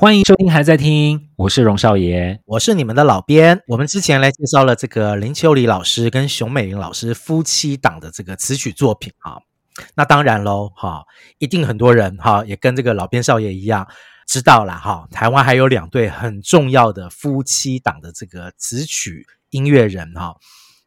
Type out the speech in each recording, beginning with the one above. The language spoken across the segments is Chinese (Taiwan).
歡迎收聽，還在聽？我是榮少爺，我是你們的老編。我們之前來介紹了這個林秋離老師跟熊美玲老師夫妻檔的這個詞曲作品哈，那當然嘍，哈，一定很多人哈也跟這個老編少爺一樣知道了哈。台灣還有兩對很重要的夫妻檔的這個詞曲音樂人哈，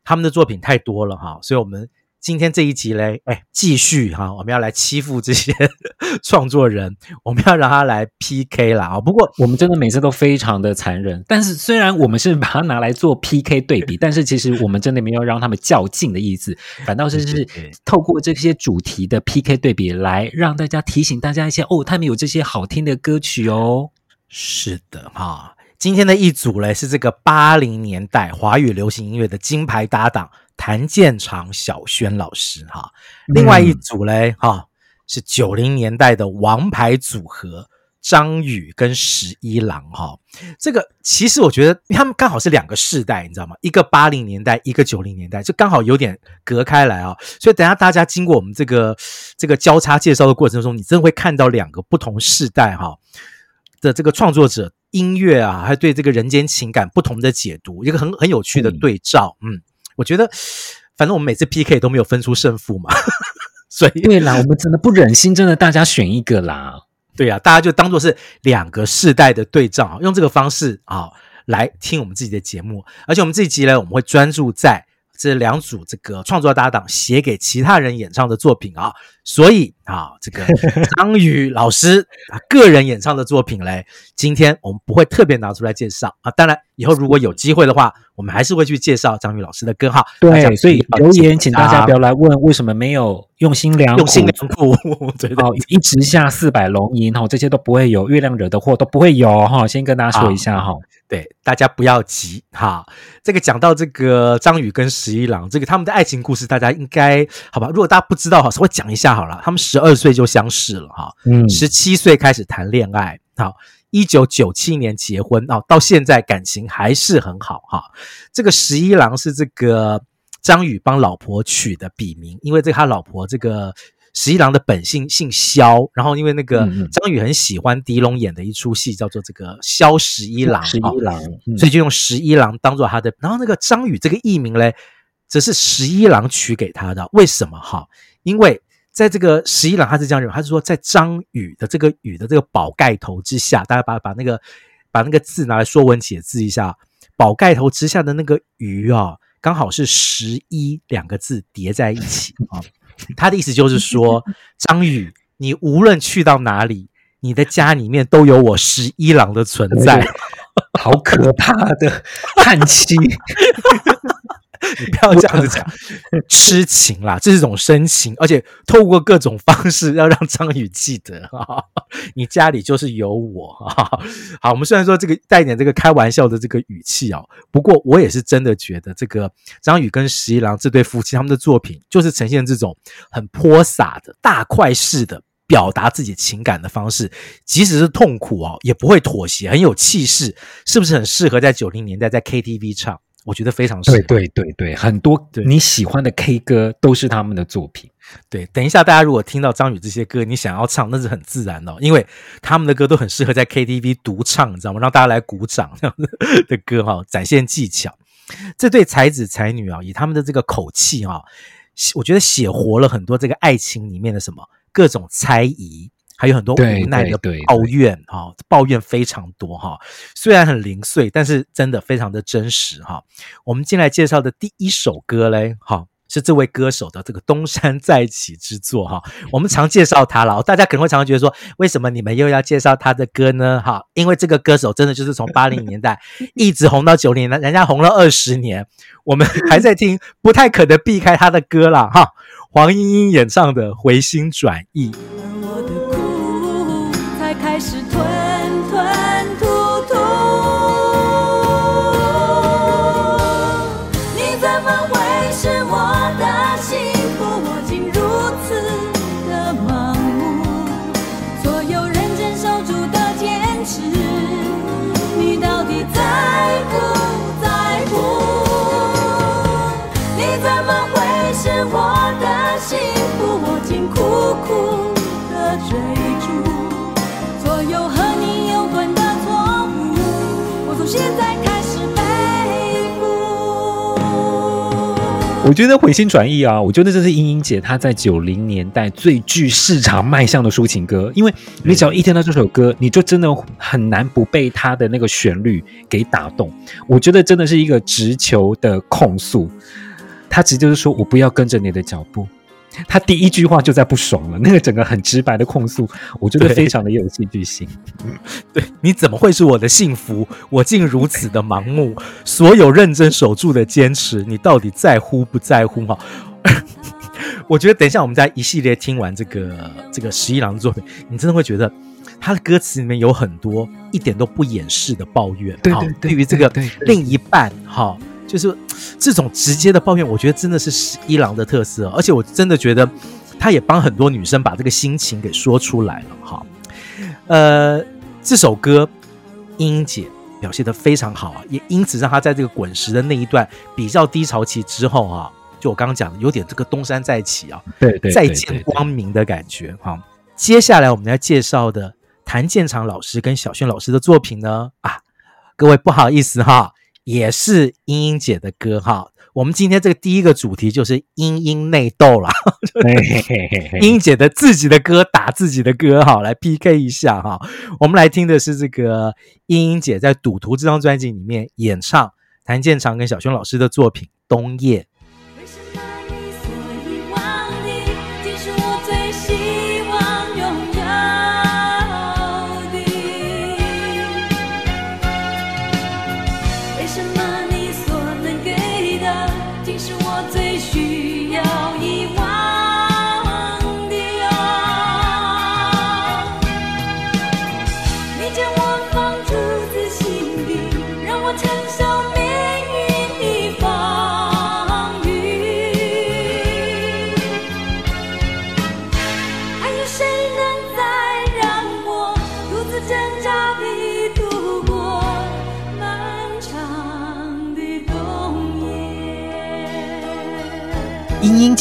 他們的作品太多了哈，所以我們。今天這一集嘞，哎，繼續哈，我們要來欺負這些 創作人，我們要讓他來 PK 啦。啊！不過我們真的每次都非常的殘忍，但是雖然我們是把它拿來做 PK 對比， 但是其實我們真的沒有讓他們較勁的意思，反倒是是透過這些主題的 PK 對比來讓大家提醒大家一些哦，他們有這些好聽的歌曲哦。是的哈，今天的一組嘞是這個八零年代華語流行音樂的金牌搭檔。譚健常小軒老師，哈，另外一組嘞，哈，是九零年代的王牌組合張宇跟十一郎，哈，這個其實我覺得他們剛好是兩個世代，你知道嗎？一個八零年代，一個九零年代，就剛好有點隔開來啊。所以等下大家經過我們這個這個交叉介紹的過程中，你真的會看到兩個不同世代哈的這個創作者音樂啊，還有對這個人間情感不同的解讀，一個很很有趣的對照，嗯，嗯。我覺得，反正我們每次 PK 都沒有分出勝負嘛，所以對啦，我們真的不忍心，真的大家選一個啦，對呀、啊，大家就當做是兩個世代的對照，用這個方式啊來聽我們自己的節目，而且我們這一集呢，我們會專注在這兩組這個創作的搭檔寫給其他人演唱的作品啊，所以。好，這個張宇老師啊，個人演唱的作品嘞，今天我們不會特別拿出來介紹啊。當然，以後如果有機會的話，我們還是會去介紹張宇老師的歌哈。對，所以留言請大家不要來問為什麼沒有用心良用心良苦，我覺得一直下四百龍銀哈，這些都不會有，月亮惹的禍都不會有哈。先跟大家說一下哈、啊，對，大家不要急。哈。這個講到這個張宇跟十一郎這個他們的愛情故事，大家應該好吧？如果大家不知道哈，稍微講一下好了，他們是。十二歲就相識了哈，嗯，十七歲開始談戀愛，好，一九九七年結婚啊，到現在感情還是很好哈、啊。這個十一郎是這個張宇幫老婆取的筆名，因為這他老婆這個十一郎的本姓姓姓蕭，然後因為那個張宇很喜歡狄龍演的一出戲，叫做這個蕭十一郎啊，所以就用十一郎當做他的。然後那個張宇這個藝名嘞，則是十一郎取給他的，為什麼哈、啊？因為。在這個十一郎，他是這樣認為，他是說，在張宇的這個“宇”的這個寶蓋頭之下，大家把把那個把那個字拿來說文解字一下，寶蓋頭之下的那個“宇”啊，剛好是十一兩個字疊在一起啊。他的意思就是說，張宇，你無論去到哪裡，你的家裡面都有我十一郎的存在，好可怕的嘆氣。你不要這樣子講，癡情啦， 這是一種深情，而且透過各種方式要讓張宇記得哈哈哈，你家裡就是有我。哈哈哈。好，我們雖然說這個帶一點這個開玩笑的這個語氣啊，不過我也是真的覺得這個張宇跟十一郎這對夫妻他們的作品，就是呈現這種很潑灑的大塊式的表達自己情感的方式，即使是痛苦啊，也不會妥協，很有氣勢，是不是很適合在九零年代在 KTV 唱？我覺得非常適合。對對對對，很多你喜歡的 K 歌都是他們的作品。對，對等一下，大家如果聽到張宇這些歌，你想要唱那是很自然的、哦，因為他們的歌都很適合在 KTV 獨唱，你知道嗎？讓大家來鼓掌這樣的的歌哈、哦，展現技巧。這對才子才女啊、哦，以他們的這個口氣哈、哦，我覺得寫活了很多這個愛情裡面的什麼各種猜疑。還有很多無奈的抱怨哈、啊，抱怨非常多哈、啊。雖然很零碎，但是真的非常的真實哈、啊。我們進來介紹的第一首歌嘞，哈、啊，是這位歌手的這個東山再起之作哈、啊。我們常介紹他了，大家可能會常常覺得說，為什麼你們又要介紹他的歌呢？哈、啊，因為這個歌手真的就是從八零年代一直紅到九零年代， 人家紅了二十年，我們還在聽，不太可能避開他的歌啦哈、啊。黃鶯鶯演唱的《回心轉意》。還是吞吞吐吐，你怎麼會是我的幸福？我竟如此的盲目，所有認真守住的堅持，你到底在不在乎？你怎麼會是我的幸福？我竟苦苦。現在開始我覺得回心轉意啊！我覺得這是鶯鶯姐她在九零年代最具市場賣相的抒情歌，因為你只要一聽到這首歌，嗯，你就真的很難不被她的那個旋律給打動。我覺得真的是一個直球的控訴，她直接就是說我不要跟着你的腳步。他第一句話就在不爽了，那個整個很直白的控訴，我覺得非常的有戲劇性。對，你怎麼會是我的幸福？我竟如此的盲目，所有認真守住的堅持，你到底在乎不在乎？哈， 我覺得等一下我們家一系列聽完這個這個十一郎的作品，你真的會覺得他的歌詞裡面有很多一點都不掩飾的抱怨。對，對於、哦、這個，對對對對另一半哈。哦就是這種直接的抱怨，我覺得真的是十一郎的特色，啊，而且我真的覺得他也幫很多女生把這個心情給說出來了哈。呃，這首歌英，英姐表現得非常好啊，也因此讓他在這個滾石的那一段比較低潮期之後哈，啊，就我剛剛講的有點這個東山再起啊，對，再見光明的感覺哈，啊。接下來我們要介紹的譚健常老師跟小軒老師的作品呢啊，各位不好意思哈。也是鶯鶯姐的歌哈，我們今天這個第一個主題就是鶯鶯內鬥了，鶯 鶯姐的自己的歌打自己的歌哈，來 PK 一下哈。我們來聽的是這個鶯鶯姐在《賭徒》這張專輯裡面演唱譚健常跟小軒老師的作品《冬夜》。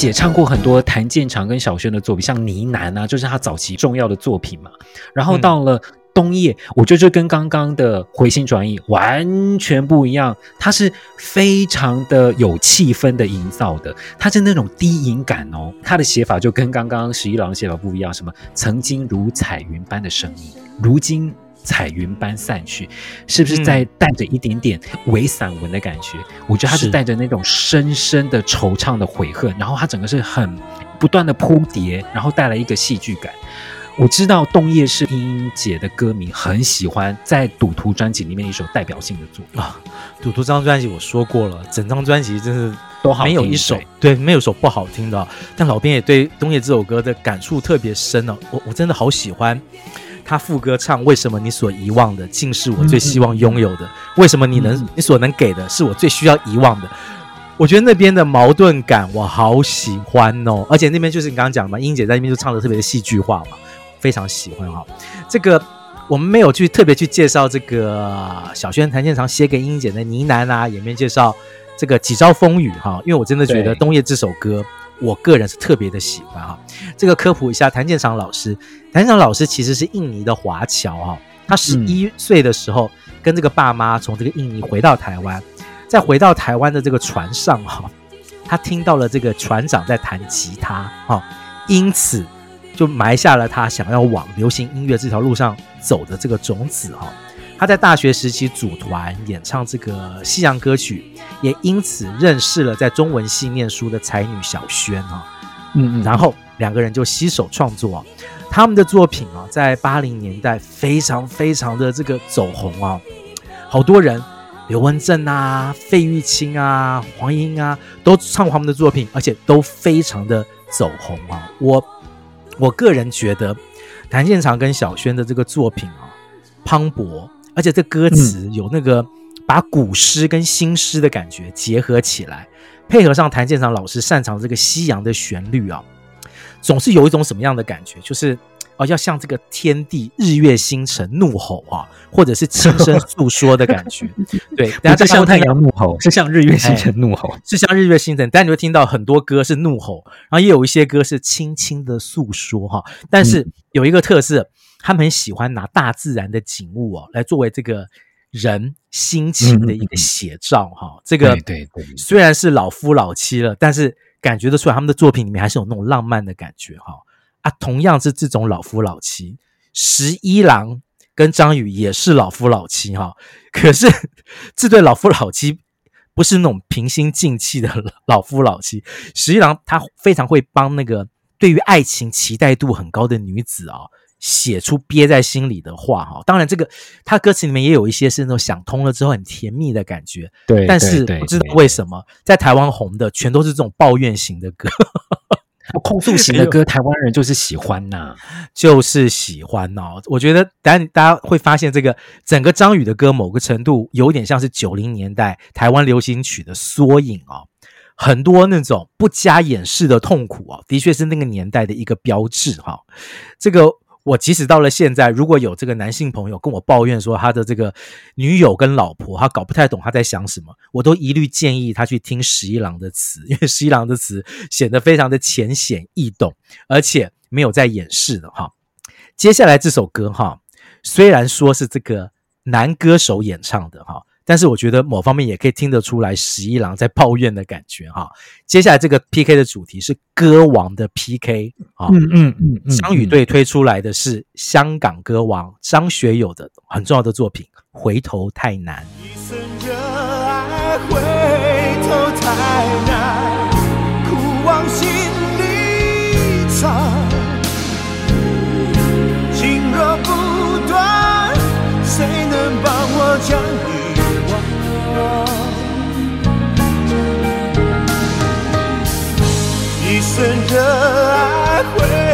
也唱過很多譚健常跟小軒的作品，像《呢喃》啊，就是他早期重要的作品嘛。然後到了《冬夜》嗯，我覺得就是跟剛剛的《回心轉意》完全不一樣，它是非常的有氣氛的營造的，它是那種低吟感哦。它的寫法就跟剛剛十一郎寫法不一樣，什麼曾經如彩雲般的聲音，如今。彩雲般散去，是不是在帶着一點點偽散文的感覺？嗯。我覺得他是帶着那種深深的惆悵的悔恨，然後他整個是很不斷的鋪疊，然後帶來一個戲劇感。我知道冬夜》是英英姐的歌迷很喜歡，在《賭徒》專輯裡面一首代表性的作啊。《賭徒》這張專輯我說過了，整張專輯真是都好聽，沒有一首對，對沒有一首不好聽的。但老編也對冬夜這首歌的感觸特別深哦，我我真的好喜歡。他副歌唱，為什麼你所遺忘的，竟是我最希望擁有的、嗯？為什麼你能，你所能給的，是我最需要遺忘的、嗯？我覺得那邊的矛盾感，我好喜歡哦！而且那邊就是你剛剛講嘛，英姐在那邊就唱的特別的戲劇化嘛，非常喜歡哈。這個我們沒有去特別去介紹這個小軒譚健常寫給英姐的呢喃啊，也沒介紹這個幾朝風雨哈，因為我真的覺得冬夜這首歌。我個人是特別的喜歡哈、啊，這個科普一下，譚健常老師，譚健常老師其實是印尼的華僑哈、啊，他十一歲的時候跟這個爸媽從這個印尼回到台灣，在、嗯、回到台灣的這個船上哈、啊，他聽到了這個船長在彈吉他哈、啊，因此就埋下了他想要往流行音樂這條路上走的這個種子哈、啊。他在大學時期組團演唱這個西洋歌曲，也因此認識了在中文系念書的才女小軒啊，嗯，嗯，然後兩個人就攜手創作啊，他們的作品啊，在八零年代非常非常的這個走紅啊，好多人，劉文正啊、費玉清啊、黃英啊，都唱他們的作品，而且都非常的走紅啊。我我個人覺得，譚健常跟小軒的這個作品啊，磅礴。而且這歌詞有那個把古詩跟新詩的感覺結合起來，配合上譚健常老師擅長這個西洋的旋律啊，總是有一種什麼樣的感覺？就是啊，要像這個天地日月星辰怒吼啊，或者是輕聲訴說的感覺。對，不是像太陽怒吼，是、哎、像日月星辰怒吼，是像日月星辰。但你會聽到很多歌是怒吼，然後也有一些歌是輕輕的訴說哈。但是有一個特色。他們很喜歡拿大自然的景物哦，來作為這個人心情的一個寫照哈、嗯。這個雖然是老夫老妻了，對對對，但是感覺得出來他們的作品裡面還是有那種浪漫的感覺哈、哦。啊，同樣是這種老夫老妻，十一郎跟張宇也是老夫老妻哈、哦。可是這對老夫老妻不是那種平心靜氣的老夫老妻，十一郎他非常會幫那個對於愛情期待度很高的女子哦寫出憋在心裡的話哈、哦，當然這個他歌詞裡面也有一些是那種想通了之後很甜蜜的感覺，對，但是不知道為什麼在台灣紅的全都是這種抱怨型的歌， 控訴型的歌， 台灣人就是喜歡吶、啊，就是喜歡哦。我覺得，但大家會發現，這個整個張宇的歌，某個程度有點像是九零年代台灣流行曲的縮影哦，很多那種不加掩飾的痛苦哦，的確是那個年代的一個標誌哈、哦，這個。我即使到了現在，如果有這個男性朋友跟我抱怨說他的這個女友跟老婆，他搞不太懂他在想什麼，我都一律建議他去聽十一郎的詞，因為十一郎的詞顯得非常的淺顯易懂，而且沒有在掩飾的哈。接下來這首歌哈，雖然說是這個男歌手演唱的哈。但是我覺得某方面也可以聽得出來十一郎在抱怨的感覺哈、啊。接下來這個 P K 的主題是歌王的 P K 啊，嗯嗯嗯，張宇隊推出來的是香港歌王張學友的很重要的作品《回頭太難》。一生熱愛回頭太難，苦往心裡藏，情若不斷，誰能幫我將？真的愛會。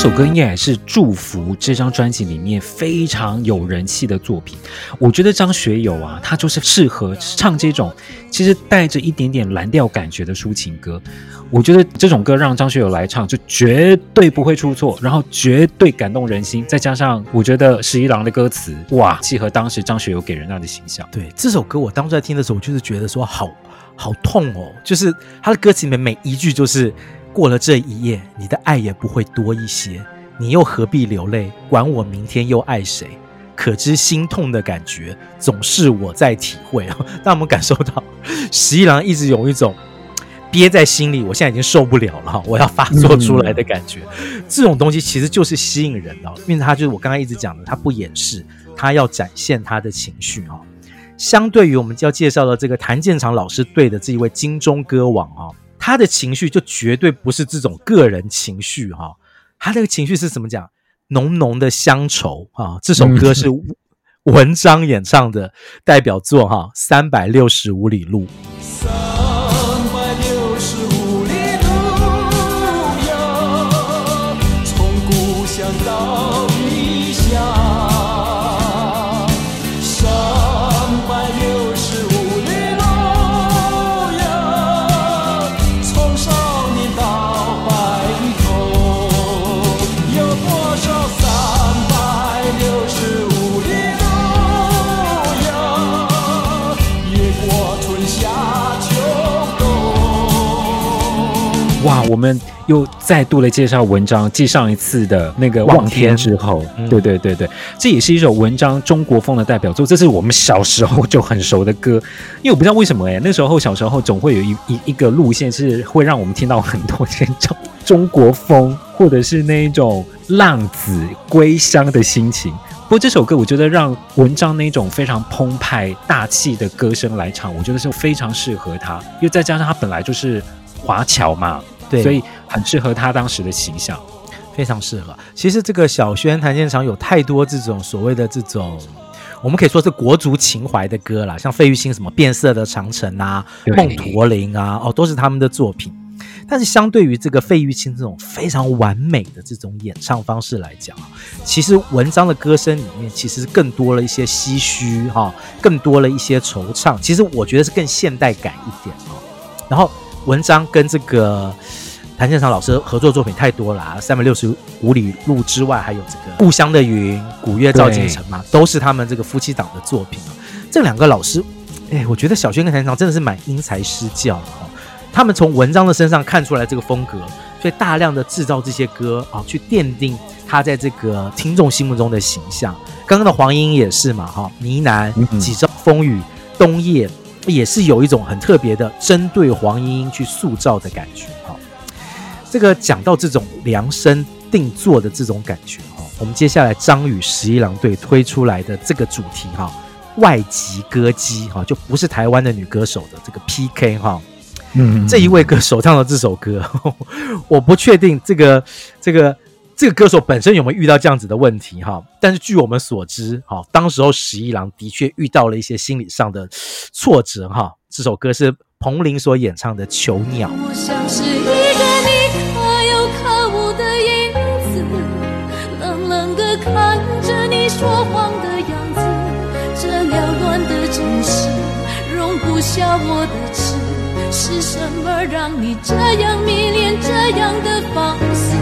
這首歌應該是祝福這張專輯裡面非常有人氣的作品。我覺得張學友啊，他就是適合唱這種其實帶着一點點藍調感覺的抒情歌。我覺得這種歌讓張學友來唱就絕對不會出錯，然後絕對感動人心。再加上我覺得十一郎的歌詞哇，契合當時張學友給人家的形象。對，這首歌我當時在聽的時候我就是覺得說好好痛哦，就是他的歌詞裡面每一句就是。過了這一夜，你的愛也不會多一些，你又何必流淚？管我明天又愛誰？可知心痛的感覺，總是我在體會。讓 我們感受到十一郎一直有一種憋在心裡，我現在已經受不了了，我要發作出來的感覺。嗯、這種東西其實就是吸引人的，因為他就是我剛剛一直講的，他不掩飾，他要展現他的情緒。哈，相對於我們要介紹的這個譚健常老師，對的這一位金鐘歌王，哈。他的情緒就絕對不是這種個人情緒哈、啊，他那個情緒是怎麼講？濃濃的鄉愁啊！這首歌是文章演唱的代表作哈、啊，《三百六十五里路》。哇，我們又再度來介紹文章，繼上一次的那個《望天》之後、嗯，對對對對，這也是一首文章中國風的代表作，這是我們小時候就很熟的歌。因為我不知道為什麼哎、欸，那時候小時候總會有一一一,一個路線是會讓我們聽到很多這種中國風，或者是那種浪子歸鄉的心情。不過這首歌我覺得讓文章那種非常澎湃大氣的歌聲來唱，我覺得是非常適合他，因為再加上他本來就是華僑嘛。對，所以很適合他當時的形象，非常適合。其實這個小軒譚健常有太多這種所謂的這種，我們可以說是國族情懷的歌啦，像費玉清什麼《變色的長城》啊，《夢駝鈴》啊，哦，都是他們的作品。但是相對於這個費玉清這種非常完美的這種演唱方式來講啊，其實文章的歌聲裡面其實更多了一些唏噓哈，更多了一些惆悵。其實我覺得是更現代感一點啊，然後。文章跟這個譚健常老師合作作品太多了、啊，《三百六十五里路》之外，還有這個《故鄉的雲》《古月照今塵》嘛，都是他們這個夫妻檔的作品。這兩個老師，哎，我覺得小軒跟譚健常真的是蠻因材施教的哈、哦，他們從文章的身上看出來這個風格，所以大量的制造這些歌啊，去奠定他在這個聽眾心目中的形象。剛剛的黃鶯也是嘛，哈、啊，《呢喃》嗯《幾朝風雨》《冬夜》。也是有一種很特別的，針對黃鶯鶯去塑造的感覺哈。這個講到這種量身定做的這種感覺哈，我們接下來張宇十一郎隊推出來的這個主題哈，外籍歌姬哈，就不是台灣的女歌手的這個 PK 哈。嗯，嗯，嗯，這一位歌手唱的這首歌， 我不確定這個這個。這個歌手本身有沒有遇到這樣子的問題哈？但是據我們所知，哈，當時候十一郎的確遇到了一些心理上的挫折哈。這首歌是彭羚所演唱的《囚鳥》。我像是一個你可有可無的影子，冷冷的看著你說謊的樣子，這撩亂的城市容不下我的是什麼讓你這樣迷戀，這樣的放肆？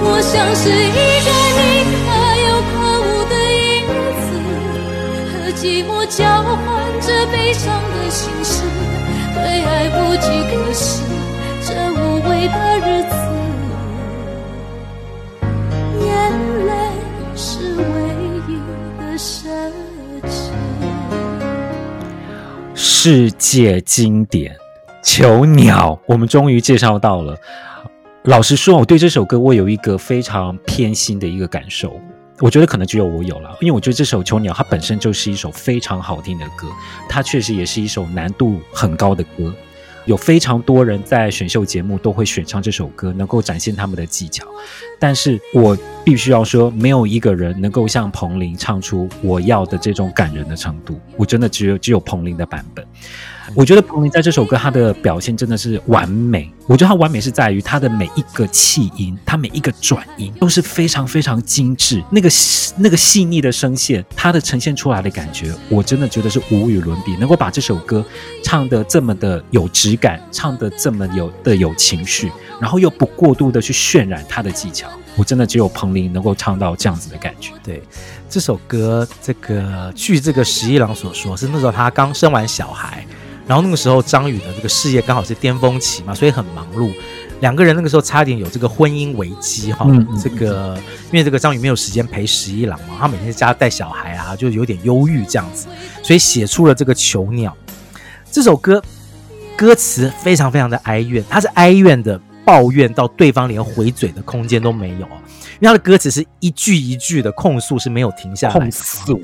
我像是一個你可有可無的影子，和寂寞交換着悲傷的心事，對愛無計可施。這無味的日子，眼淚是唯一的奢侈。世界經典。囚鳥，我們終於介紹到了。老實說，我對這首歌，我有一個非常偏心的一個感受，我覺得可能只有我有了，因為我覺得這首囚鳥它本身就是一首非常好聽的歌，它確實也是一首難度很高的歌，有非常多人在選秀節目都會選唱這首歌，能夠展現他們的技巧。但是我必須要說，沒有一個人能夠像彭羚唱出我要的這種感人的程度，我真的只有只有彭羚的版本。我覺得彭羚在這首歌他的表現真的是完美。我覺得他完美是在於他的每一個氣音，他每一個轉音都是非常非常精致，那個那個細膩的聲線，他的呈現出來的感覺，我真的覺得是無與倫比。能夠把這首歌唱得這麼的有質感，唱得這麼有的有情緒，然後又不過度的去渲染他的技巧，我真的只有彭羚能夠唱到這樣子的感覺。對，這首歌，這個據這個十一郎所說，是那時候他剛生完小孩。然後那個時候，張宇的這個事業剛好是巔峰期嘛，所以很忙碌。兩個人那個時候差點有這個婚姻危機哈、哦嗯，這個因為這個張宇沒有時間陪十一郎嘛，他每天在家帶小孩啊，就有點憂鬱這樣子，所以寫出了這個《囚鳥》這首歌。歌詞非常非常的哀怨，他是哀怨的抱怨到對方連回嘴的空間都沒有、啊，因為他的歌詞是一句一句的控訴，是沒有停下來控訴。對對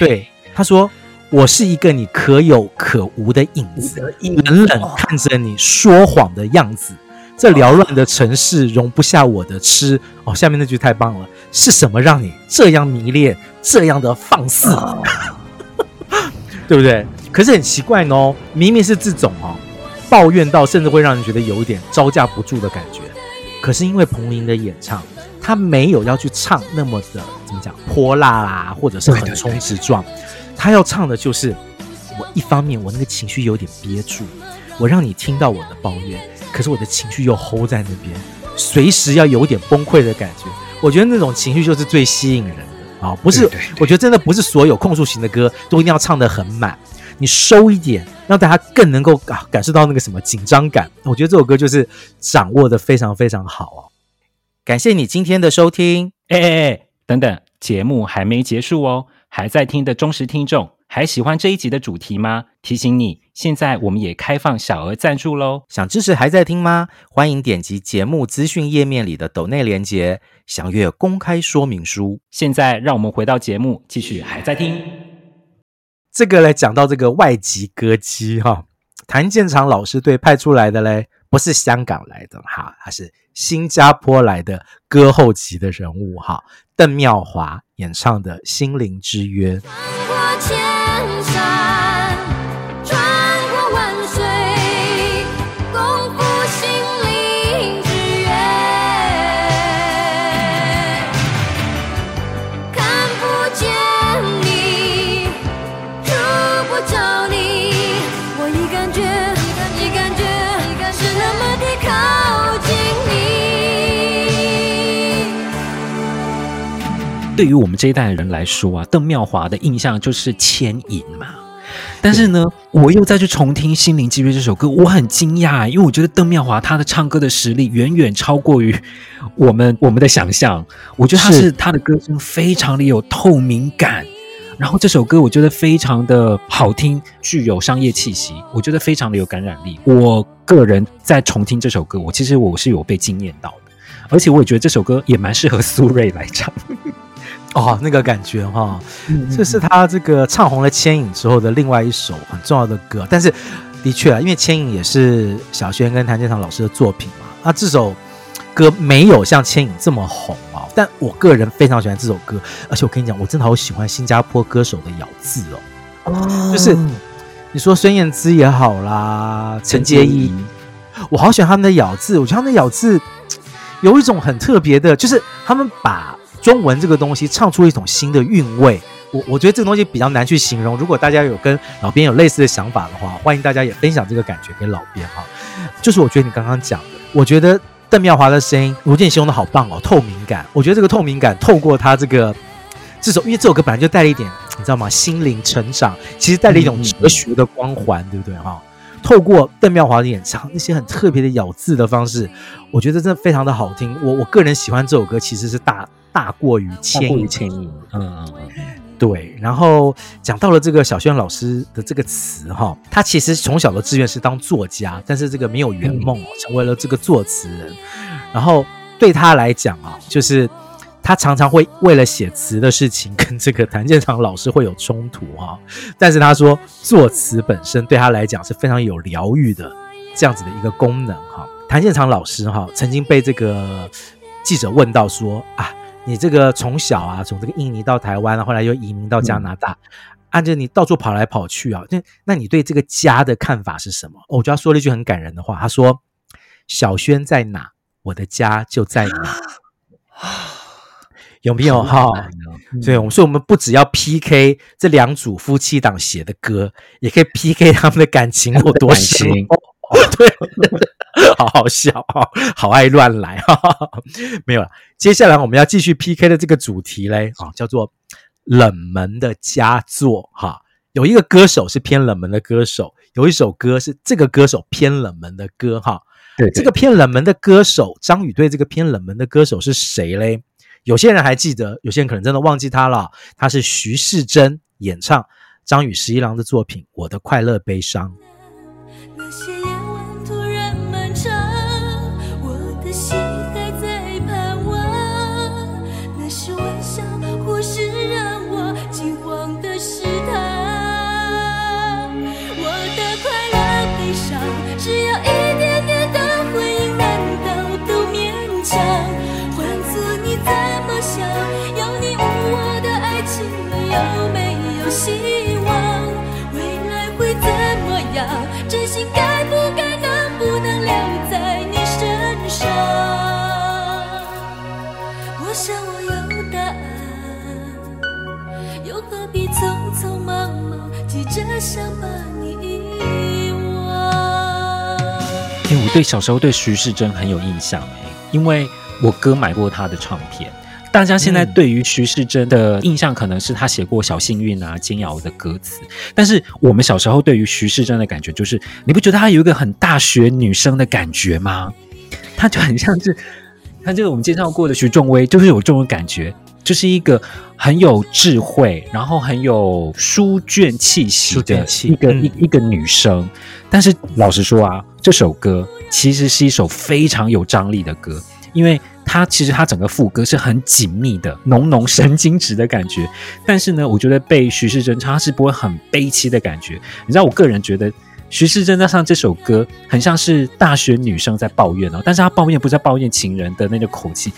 對，對他說。我是一個你可有可無的影子，冷冷看着你說謊的樣子。這繚亂的城市容不下我的癡哦。下面那句太棒了，是什麼讓你這樣迷戀，這樣的放肆、啊？ 對不對？可是很奇怪哦，明明是這種哦，抱怨到甚至會讓人覺得有一點招架不住的感覺。可是因為彭羚的演唱，他沒有要去唱那麼的怎麼講潑辣啦、啊，或者是橫衝直撞。他要唱的就是，我一方面我那個情緒有點憋住，我讓你聽到我的抱怨，可是我的情緒又 hold 在那邊，隨時要有點崩潰的感覺。我覺得那種情緒就是最吸引人的啊，不是對對對？我覺得真的不是所有控訴型的歌都一定要唱得很滿，你收一點，讓大家更能夠啊感受到那個什麼緊張感。我覺得這首歌就是掌握得非常非常好哦。感謝你今天的收聽，哎哎哎，等等，節目還沒結束哦。還在聽的忠實聽眾，還喜歡這一集的主題嗎？提醒你，現在我們也開放小額贊助嘍！想支持還在聽嗎？歡迎點擊節目資訊頁面裡的抖內鏈接，詳閱公開說明書。現在讓我們回到節目，繼續還在聽。這個嘞，講到這個外籍歌姬哈、啊，譚健常老師隊派出來的嘞。不是香港來的哈，他是新加坡來的歌后級的人物哈，鄧妙華演唱的《心靈之約》。對於我們這一代的人來說啊，鄧妙華的印象就是牽引嘛。但是呢，我又再去重聽《心靈契約》這首歌，我很驚訝，因為我覺得鄧妙華他的唱歌的實力遠遠超過於我們我們的想象。我覺得他是，是他的歌聲非常的有透明感，然後這首歌我覺得非常的好聽，具有商業氣息，我覺得非常的有感染力。我個人在重聽這首歌，我其實我是有被驚艷到的，而且我也覺得這首歌也蠻適合蘇芮來唱。哦，那個感覺哈、哦嗯嗯，這是他這個唱紅了《牽引》之後的另外一首很重要的歌。但是，的確啊，因為《牽引》也是小軒跟譚健常老師的作品嘛。啊，這首歌沒有像《牽引》這麼紅啊、哦，但我個人非常喜歡這首歌。而且，我跟你講，我真的好喜歡新加坡歌手的咬字哦。哦，就是你說孫燕姿也好啦，陳潔儀，我好喜歡他們的咬字。我覺得他們的咬字有一種很特別的，就是他們把。中文這個東西唱出了一種新的韻味，我我覺得這個東西比較難去形容。如果大家有跟老編有類似的想法的話，歡迎大家也分享這個感覺給老編哈、哦。就是我覺得你剛剛講的，我覺得鄧妙華的聲音我覺得你形容得好棒哦，透明感。我覺得這個透明感透過他這個這首，因為這首歌本來就帶了一點，你知道嗎？心靈成長其實帶了一種哲學的光環，嗯、對不對哈、哦？透過鄧妙華的演唱，那些很特別的咬字的方式，我覺得真的非常的好聽。我我個人喜歡這首歌，其實是大。大過於牽引，嗯，對。然後講到了這個小軒老師的這個詞哈，他其實從小的志願是當作家，但是這個沒有圓夢，成為了這個作詞人。然後對他來講啊，就是他常常會為了寫詞的事情跟這個譚健常老師會有衝突哈。但是他說作詞本身對他來講是非常有療癒的這樣子的一個功能哈。譚健常老師哈曾經被這個記者問到說啊。你這個從小啊，從這個印尼到台灣，後來又移民到加拿大，按、嗯、照、啊、你到處跑來跑去啊，那那你對這個家的看法是什麼？哦、我就要說了一句很感人的話，他說：“小軒在哪，我的家就在哪。啊”有沒有，所以我們說我們不只要 PK 這兩組夫妻檔寫的歌，也可以 PK 他們的感情有多深。 對，好好笑，好,好愛亂來哈哈，沒有了。接下來我們要繼續 PK 的這個主題嘞，啊、哦，叫做冷門的佳作哈、哦。有一個歌手是偏冷門的歌手，有一首歌是這個歌手偏冷門的歌哈、哦。這個偏冷門的歌手張宇對這個偏冷門的歌手是誰嘞？有些人還記得，有些人可能真的忘記他了。他是徐世珍演唱張宇十一郎的作品《我的快樂悲傷》。對小時候對徐世珍很有印象、欸、因為我哥買過他的唱片。大家現在對於徐世珍的印象可能是他寫過《小幸運》啊、《煎熬》的歌詞，但是我們小時候對於徐世珍的感覺就是，你不覺得她有一個很大學女生的感覺嗎？她就很像是，她就是我們介紹過的徐仲威，就是有這種感覺，就是一個很有智慧，然後很有書卷氣息的一個一、嗯、一個女生。但是老實說啊。這首歌其實是一首非常有張力的歌，因為它其實它整個副歌是很緊密的，濃濃神經質的感覺。但是呢，我覺得被徐世珍唱他是不會很悲戚的感覺。你知道，我個人覺得徐世珍在唱這首歌，很像是大學女生在抱怨哦。但是他抱怨不是在抱怨情人的那個口氣，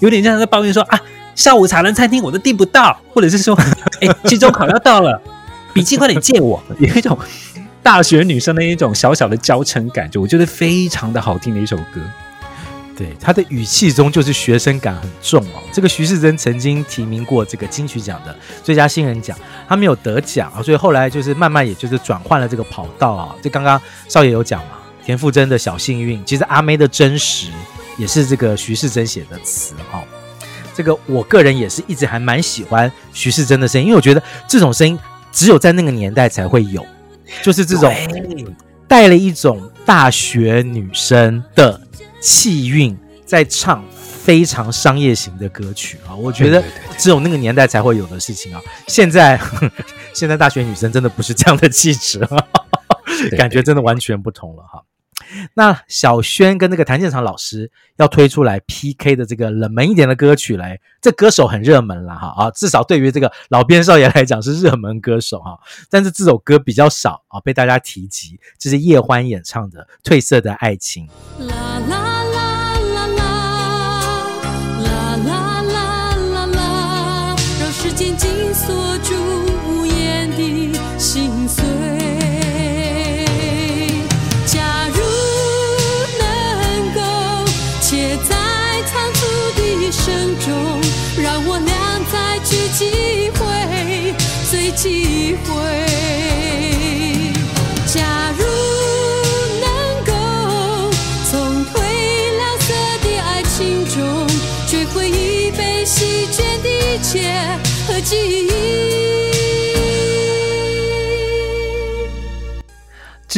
有點像在抱怨說啊，下午茶的餐廳我都訂不到，或者是說，哎，期中考要到了， 筆記快點借我，有一種。大學女生的一種小小的嬌嗔感覺，我覺得非常的好聽的一首歌。對，他的語氣中就是學生感很重哦。這個徐世珍曾經提名過這個金曲獎的最佳新人獎，他沒有得獎啊，所以後來就是慢慢也就是轉換了這個跑道啊。就剛剛少爺有講嘛，田馥甄的小幸運，其實阿妹的真實也是這個徐世珍寫的詞哈、哦。這個我個人也是一直還蠻喜歡徐世珍的聲音，因為我覺得這種聲音只有在那個年代才會有。就是這種，帶了一種大學女生的氣韻，在唱非常商業型的歌曲啊。我覺得只有那個年代才會有的事情啊。現在，現在大學女生真的不是這樣的氣質，感覺真的完全不同了哈。那小軒跟那個譚健常老師要推出來 PK 的這個冷門一點的歌曲來，這歌手很熱門了哈啊，至少對於這個老編少爺來講是熱門歌手哈，但是這首歌比較少啊，被大家提及，這是葉歡演唱的《褪色的愛情》。的記憶。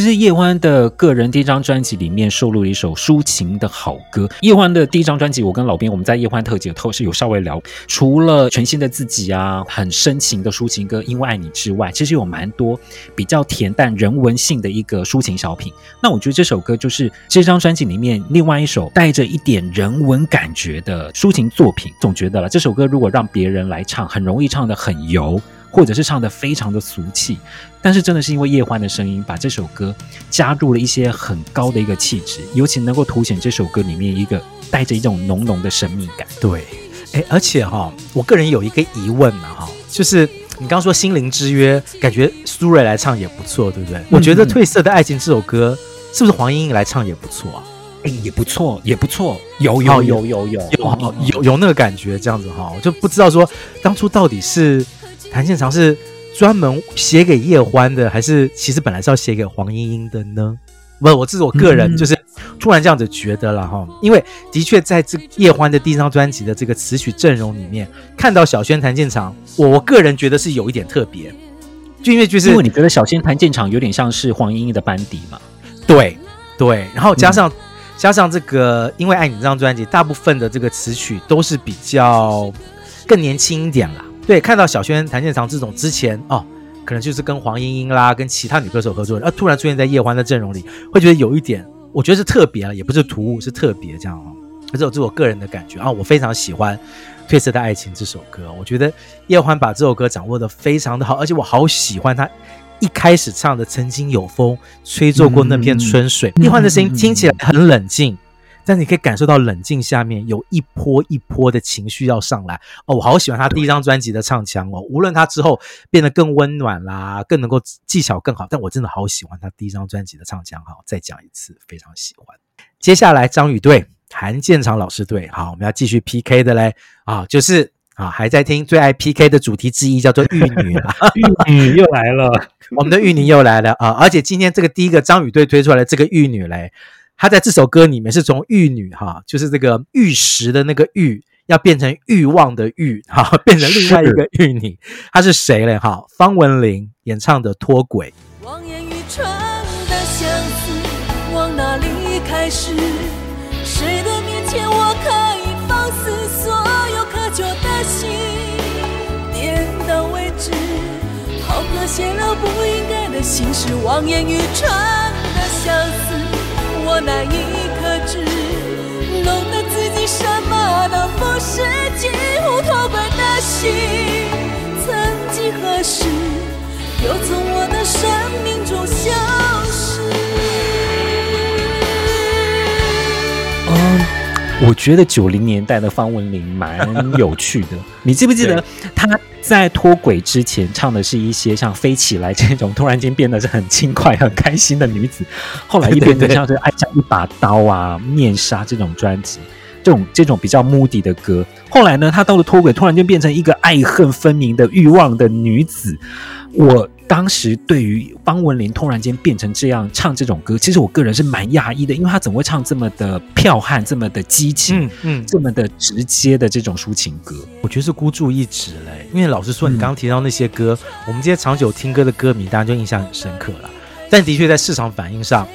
其實葉歡的個人第一張專輯裡面收錄了一首抒情的好歌。葉歡的第一張專輯，我跟老編我們在葉歡特輯的時候，是有稍微聊，除了全新的自己啊，很深情的抒情歌《因為愛你》之外，其實有蠻多比較恬淡人文性的一個抒情小品。那我覺得這首歌就是這張專輯裡面另外一首帶着一點人文感覺的抒情作品。總覺得了，這首歌如果讓別人來唱，很容易唱得很油。或者是唱得非常的俗氣，但是真的是因為葉歡的聲音，把這首歌加入了一些很高的一個氣質，尤其能夠凸顯這首歌裡面一個帶着一種濃濃的神秘感。對，誒而且哈、哦，我個人有一個疑問吶，哈，就是你剛剛說《心靈之約》，感覺蘇芮來唱也不錯，對不對、嗯？我覺得《褪色的愛情》這首歌是不是黃鶯鶯來唱也不錯啊誒？也不錯，也不錯，有有有、哦、有有有有，有，有，有，有，有那個感覺，這樣子哈、哦，我就不知道說當初到底是。譚健常是專門寫給葉歡的，還是其實本來是要寫給黃鶯鶯的呢？不，我這是我個人就是突然這樣子覺得了哈，嗯嗯因為的確在這葉歡的第一張專輯的這個詞曲陣容裡面，看到小軒譚健常，我我個人覺得是有一點特別，就因為就是，因為你覺得小軒譚健常有點像是黃鶯鶯的班底嘛？對對，然後加上、嗯、加上這個，因為愛你這張專輯，大部分的這個詞曲都是比較更年輕一點啦。對，看到小軒、譚健常這種之前哦，可能就是跟黃鶯鶯啦，跟其他女歌手合作人，然突然出現在葉歡的陣容裡，會覺得有一點，我覺得是特別啊，也不是突兀，是特別這樣哦。這是我，自我個人的感覺啊、哦，我非常喜歡《褪色的愛情》這首歌，我覺得葉歡把這首歌掌握的非常的好，而且我好喜歡她一開始唱的“曾經有風吹皺過那片春水”，葉、嗯嗯嗯嗯嗯、歡的聲音聽起來很冷靜。但你可以感受到冷靜下面有一波一波的情緒要上來哦，我好喜歡他第一張專輯的唱腔。哦，無論他之後變得更溫暖啦，更能夠技巧更好，但我真的好喜歡他第一張專輯的唱腔哈、哦，再講一次，非常喜歡。接下來張宇隊、嗯、譚健常老師隊，好，我們要繼續 PK 的嘞啊，就是啊，還在聽最愛 PK 的主題之一叫做《玉女》啦， 玉女又來了， 我們的玉女又來了啊，而且今天這個第一個張宇隊推出來的這個玉女嘞。他在這首歌裡面是從玉女哈，就是這個玉石的那個玉，要變成欲望的欲哈，變成另外一個玉女，她是，是誰嘞哈？方文琳演唱的脫軌。望眼欲穿的相思，往哪裡開始，誰的面前我可以放肆，所有渴求的心點到為止，寫了不應該的心事，望眼欲穿的相思我難以克制，弄得自己什麼都不是、幾乎脫軌的心，曾幾何時又從我的生命中消失。我覺得九零年代的方文琳蠻有趣的。你記不記得她在脫軌之前唱的是一些像飛起來這種突然間變得是很輕快、很開心的女子？後來一邊就像是愛像一把刀啊、面紗這種專輯，這種這種比較 moody 的歌。後來呢，她到了脫軌，突然間變成一個愛恨分明的慾望的女子。我。當時對於方文琳突然間變成這樣唱這種歌，其實我個人是蠻訝異的，因為他怎麼會唱這麼的剽悍、這麼的激情、嗯，嗯這麼的直接的這種抒情歌？我覺得是孤注一擲嘞，因為老實說，你剛，剛提到那些歌，嗯，我們這些長久聽歌的歌迷當然就印象很深刻了，但的確在市場反應上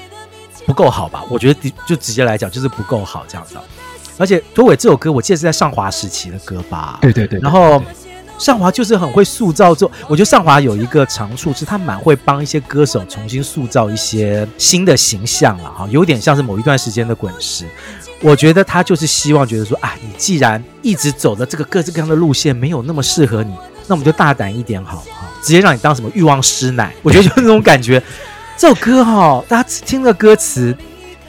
不夠好吧？我覺得的就直接來講就是不夠好這樣的，而且多偉這首歌，我記得是在上華時期的歌吧？對對對，對，對，對，對，然後。上華就是很會塑造這種，我覺得上華有一個長處是，他蠻會幫一些歌手重新塑造一些新的形象了哈，有點像是某一段時間的滾石。我覺得他就是希望覺得說，啊，你既然一直走的這個各式各樣的路線沒有那麼適合你，那我們就大膽一點，好不好直接讓你當什麼欲望師奶。我覺得就是那種感覺。這首歌哈，大家聽的歌詞，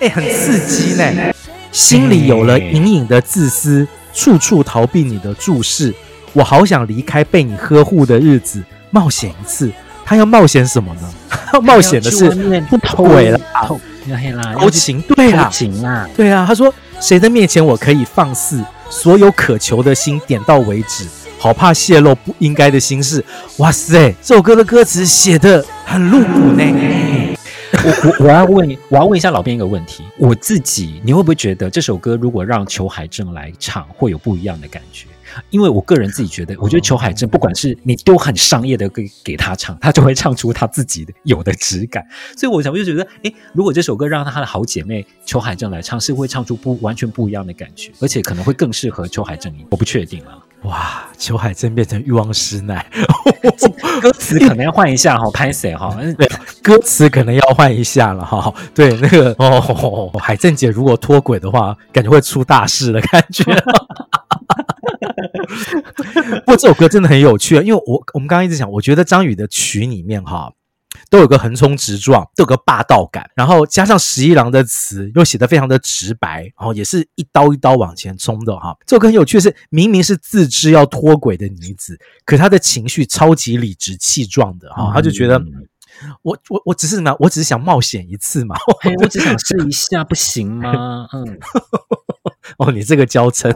誒，很刺激呢、欸。心裡有了隱隱的自私，處處逃避你的注視。我好想離開被你呵護的日子，冒險一次。他要冒險什麼呢？ 冒險的是不偷窺了，偷情對啊，對啊。他說：“誰的面前我可以放肆？所有渴求的心，點到為止。好怕洩露不應該的心事。”哇塞，這首歌的歌詞寫得很露骨呢。我我我要問，我要問一下老編一個問題： 我自己你會不會覺得這首歌如果讓裘海正來唱，會有不一樣的感覺？因為我個人自己覺得，我覺得裘海正，不管是你都很商業的歌給他唱，他就會唱出他自己的有的質感。所以我想，我就覺得，誒，如果這首歌讓他的好姐妹裘海正來唱，是會唱出不完全不一樣的感覺，而且可能會更適合裘海正，我不確定了。哇，裘海正變成欲望師奶， 歌詞可能要換一下哈，拍誰哈？對，歌詞可能要換一下了哈、哦。對，那個哦，哦，海正姐如果脫軌的話，感覺會出大事的感覺。 不過這首歌真的很有趣啊，因為我我們剛剛一直講，我覺得張宇的曲裡面哈、啊、都有個橫衝直撞，都有個霸道感，然後加上十一郎的詞又寫得非常的直白，然、哦、後也是一刀一刀往前衝的哈、哦。這首歌很有趣的是，是明明是自知要脫軌的女子，可她的情緒超級理直氣壯的哈、哦，她就覺得、嗯、我我我只是什麼，我只是想冒險一次嘛，我只想試一下，不行嗎？ 嗯，哦，你這個嬌嗔。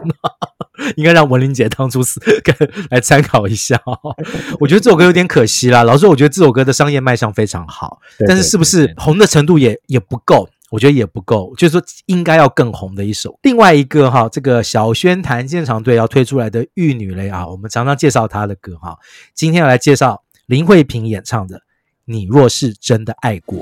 應該讓文琳姐當初死，跟來參考一下， 我覺得這首歌有點可惜啦。老實說，我覺得這首歌的商業賣相非常好，對對對對對對，但是是不是紅的程度也也不夠？我覺得也不夠，就是說應該要更紅的一首。另外一個哈，這個小軒譚健常隊要推出來的《玉女雷》啊，我們常常介紹她的歌哈，今天要來介紹林慧萍演唱的《你若是真的愛過》。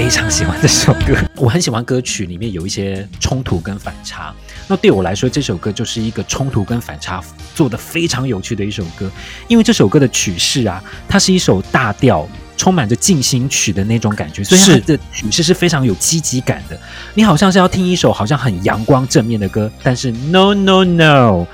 非常喜歡這首歌，我很喜歡歌曲裡面有一些衝突跟反差。那對我來說，這首歌就是一個衝突跟反差做得非常有趣的一首歌。因為這首歌的曲式啊，它是一首大調，充滿着進行曲的那種感覺，所以它的曲式是非常有積極感的。你好像是要聽一首好像很陽光正面的歌，但是 no no no，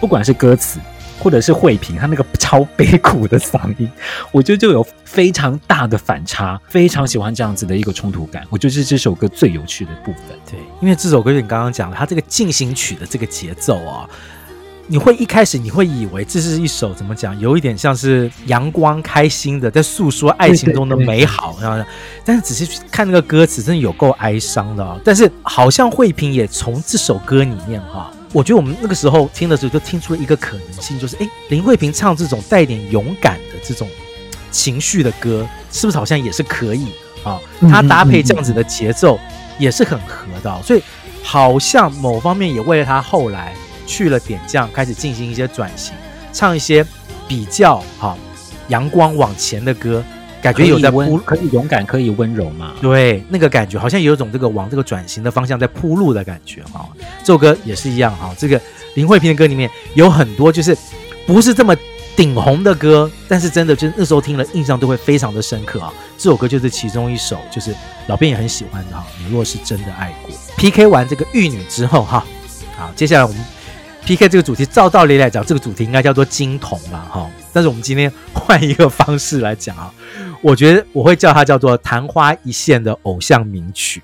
不管是歌詞。或者是慧萍，她那個超悲苦的嗓音，我覺得就有非常大的反差，非常喜歡這樣子的一個衝突感，我覺得是這首歌最有趣的部分。對，因為這首歌是你剛剛講的，它這個進行曲的這個節奏啊，你會一開始你會以為這是一首怎麼講，有一點像是陽光開心的，在訴說愛情中的美好，然後，但是仔細去看那個歌詞，真的有夠哀傷的哦，啊，但是好像慧萍也從這首歌裡面哈，啊。我覺得我們那個時候聽的時候，就聽出了一個可能性，就是誒、欸，林慧萍唱這種帶點勇敢的這種情緒的歌，是不是好像也是可以啊？她搭配這樣子的節奏也是很合的，所以好像某方面也為了她後來去了點將，開始進行一些轉型，唱一些比較好、啊、陽光往前的歌。感覺有在鋪，可以勇敢，可以溫柔嘛？對，那個感覺好像有一種這個往這個轉型的方向在鋪路的感覺哈、哦。這首歌也是一樣哈、哦。這個林慧萍的歌裡面有很多就是不是這麼頂紅的歌，但是真的就是那時候聽了印象都會非常的深刻啊、哦。這首歌就是其中一首，就是老編也很喜歡的哈、哦。你若是真的愛過，PK 完這個玉女之後哈，好、哦，接下來我們 PK 這個主題。照道理來講，這個主題應該叫做金童吧？哈、哦，但是我們今天換一個方式來講啊。我覺得我會叫他叫做曇花一現的偶像名曲，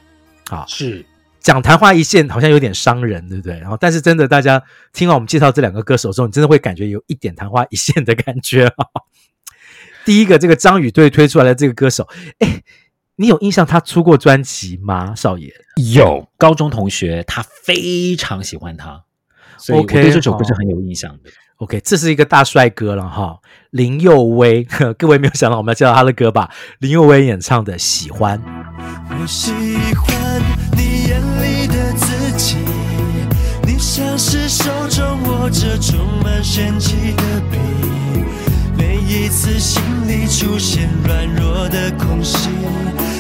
啊，是。講曇花一現好像有點傷人，對不對？然後但是真的，大家聽完我們介紹這兩個歌手之後，你真的會感覺有一點曇花一現的感覺啊。第一個，這個張宇隊推出來的這個歌手，哎、欸，你有印象他出過專輯嗎，少爺？有，高中同學他非常喜歡他，所以我對這種不是很有印象的。Okay, OK，這是一個大帥哥了哈。林佑威，呵，各位沒有想到我們要介紹他的歌吧？林佑威演唱的《喜歡》。我喜歡你眼裡的自己，你像是手中握着充滿神奇的筆，每一次心裡出現軟弱的空隙，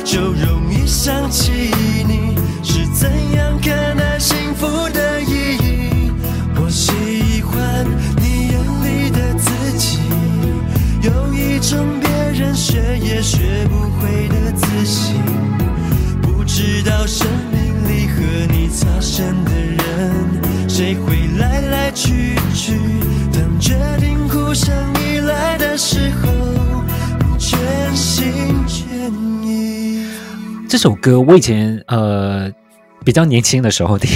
就容易想起你是怎樣看待。從別人學也學不會的自信，不知道生命裡和你擦身的人，誰會來來去去，當決定哭向你來的時候，全心全意。這首歌我以前呃比較年輕的時候聽，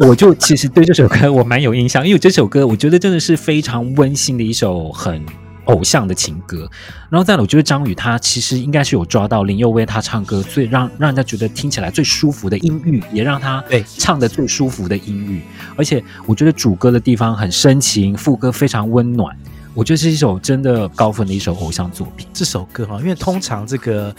我就其實對這首歌我蠻有印象，因為這首歌我覺得真的是非常溫馨的一首很。偶像的情歌，然後再我覺得張宇他其實應該是有抓到林佑威他唱歌最讓讓人家覺得聽起來最舒服的音域，也讓他對唱的最舒服的音域。而且我覺得主歌的地方很深情，副歌非常溫暖。我覺得是一首真的高分的一首偶像作品。這首歌哈，因為通常這個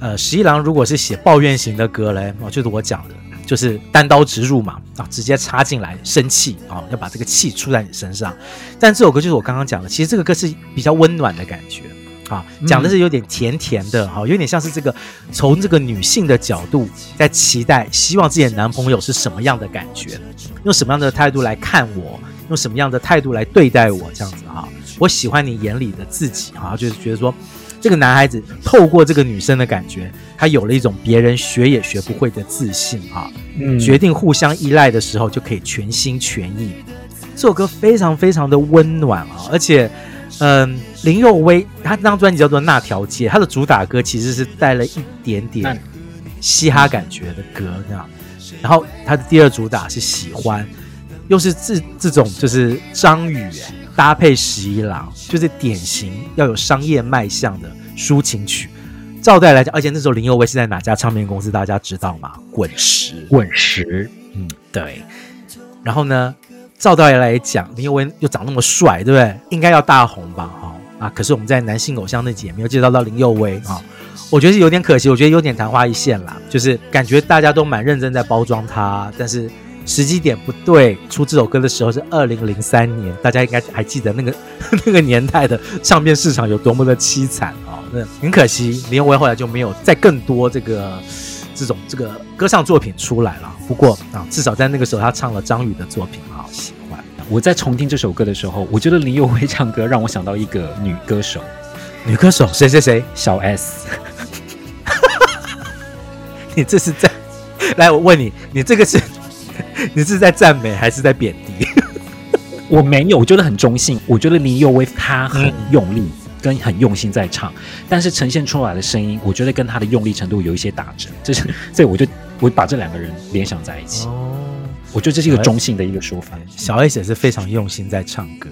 呃十一郎如果是寫抱怨型的歌嘞，啊，就是我講的。就是單刀直入嘛，啊，直接插進來生氣啊，要把這個氣出在你身上。但這首歌就是我剛剛講的，其實這個歌是比較溫暖的感覺啊、嗯，講的是有點甜甜的哈、啊，有點像是這個從這個女性的角度在期待，希望自己的男朋友是什麼樣的感覺，用什麼樣的態度來看我，用什麼樣的態度來對待我這樣子哈、啊，我喜歡你眼裡的自己啊，就是覺得說，這個男孩子透過這個女生的感覺，他有了一種別人學也學不會的自信啊、嗯！決定互相依賴的時候就可以全心全意。這首歌非常非常的溫暖啊！而且，嗯、呃，林佑威他這張專輯叫做《那條街》，他的主打歌其實是帶了一點點嘻哈感覺的歌，嗯、這樣。然後他的第二主打是《喜歡》，又是這這種就是張宇欸搭配十一郎，就是典型要有商業賣相的抒情曲。照道理來講，而且那時候林佑威是在哪家唱片公司？大家知道嗎？滾石，滾石，嗯，對。然後呢，照道理來講，林佑威又長那麼帥，對不對？應該要大紅吧？哈、哦、啊，可是我們在男性偶像那集也沒有介紹到，到林佑威啊，我覺得是有點可惜，我覺得有點曇花一現啦。就是感覺大家都蠻認真在包裝他，但是，時機點不對，出這首歌的時候是二零零三年，大家應該還記得那個那個年代的唱片市場有多麼的淒慘啊、哦！那很可惜，林佑威後來就沒有再更多這個這種這個歌唱作品出來了。不過啊，至少在那個時候，他唱了張宇的作品好，喜歡。我在重聽這首歌的時候，我覺得林佑威唱歌讓我想到一個女歌手，女歌手誰誰誰，小 S。 你這是在來？我問你，你這個是？你是在贊美還是在貶低？ 我沒有，我覺得很中性。我覺得林有為他很用力跟很用心在唱，嗯、但是呈現出來的聲音，我覺得跟他的用力程度有一些打折。就是，是所以我就我把這兩個人聯想在一起、哦。我覺得這是一個中性的一個說法。嗯、小 S 也是非常用心在唱歌。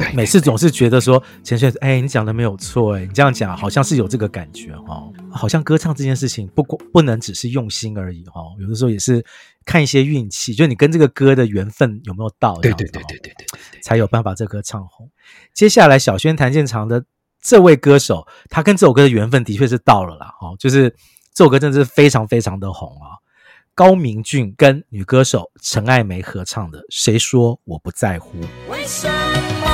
但每次總是覺得說，陳軒，哎，你講的沒有錯，哎，你這樣講好像是有這個感覺哦、喔。好像歌唱這件事情不，不不不能只是用心而已哦、喔。有的時候也是看一些運氣，就你跟這個歌的緣分有沒有到、喔，對對對對，對對對對對對才有辦法這歌唱紅。接下來小，小軒譚健常的這位歌手，他跟這首歌的緣分的確是到了啦，哦、喔，就是這首歌真的是非常非常的紅啊，高明駿跟女歌手陳愛梅合唱的《誰說我不在乎》為什麼？